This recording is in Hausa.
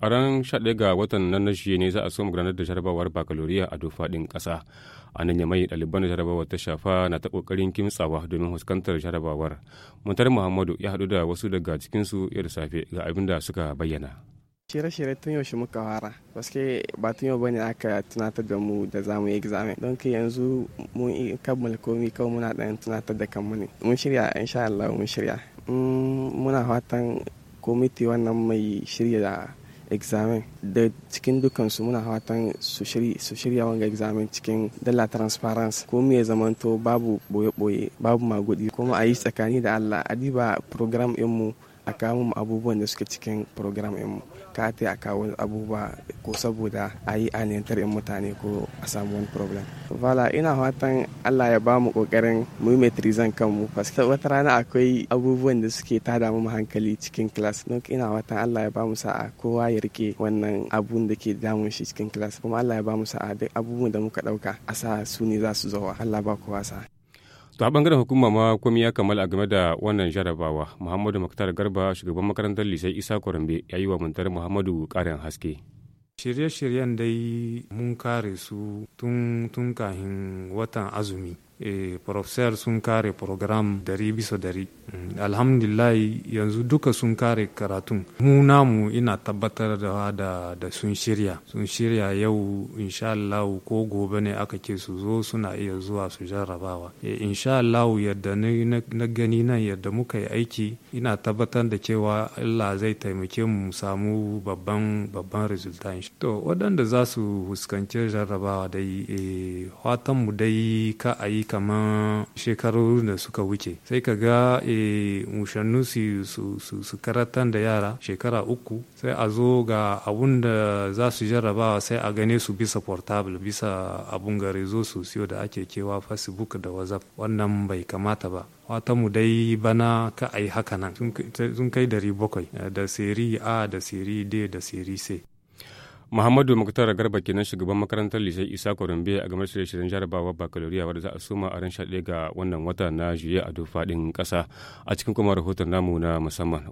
a ran 11 ga watan nan na shi ne za a soma granar da jarabawar bakaloriya a dofaɗin ƙasa a nan yamai ɗaliban jarabawar ta shafa na ta ƙoƙarin kimtsawa domin fuskantar jarabawar mutar muhammadu ya haɗu da wasu daga cikinsu ya da safe ga abin da suka bayyana shirye-shirye tun yaushe muka fara paske ba tun yau bane aka tunatar da mu da za mu yi examen don ka yanzu mun kammala komi kawai muna ɗan tunatar da kanmu ne mun shirya insha Allah mun shirya mm, muna fatan komiti wannan mai shirya da examen da cikin dukansu muna fatan su shirya wanga examen cikin la transparency ko ya zamanto babu boye-boye babu magudi kuma a yi tsakani da allah adiba program mu a kawo mu abubuwan da suke cikin program mu ka ta a kawo abubuwa ko saboda a yi alintar in mutane ko a samu wani problem vala ina fatan allah ya ba mu kokarin mu zan kanmu paske wata rana akwai abubuwan da suke tada mu hankali cikin class don ina fatan allah ya ba mu sa'a kowa ya rike wannan abun da ke damun shi cikin class kuma allah ya ba mu sa'a duk abubuwan da muka dauka a sa su ne za su zo Allah ba kowa wasa. ta a bangaren hukuma ma komi ya kammala game da wannan jarabawa. Muhammadu Muktar Garba shugaban makarantar Lisai Isa Kwarambe ya yi wa Muntar Muhammadu karin haske. Shirye-shiryen dai mun kare su tun tun kahin watan azumi. e eh, professeur sun kare program dari bisa dari mm, alhamdulillah yanzu duka sun kare karatun mu namu ina tabbatar da da, sun shirya sun shirya yau insha Allah ko gobe ne aka ke su zo suna iya zuwa su jarrabawa e, insha Allah yadda na, gani nan yadda muka yi aiki ina tabbatar da cewa Allah zai taimake mu samu babban babban resultant to waɗanda za su fuskanci jarrabawa dai e, mu dai ka a yi kamar shekaru da suka wuce sai ka ga e, mushannu su, karatan da yara shekara uku sai a zo ga abun da za su jarrabawa sai a gane su bisa portable bisa abun gare zo su siyo da ake kewa facebook da whatsapp wannan bai kamata ba mu dai bana ka a haka nan sun kai dari bakwai eh, da siri a da siri d da siri c Muhammadu Muktar Garba kenan shugaban makarantar Lishai Isa Korombe a gamar shirye-shiryen jarabawa bakaloriya wadda za a soma a ran 11 ga wannan wata na juye a duk faɗin ƙasa a cikin kuma rahoton namu na musamman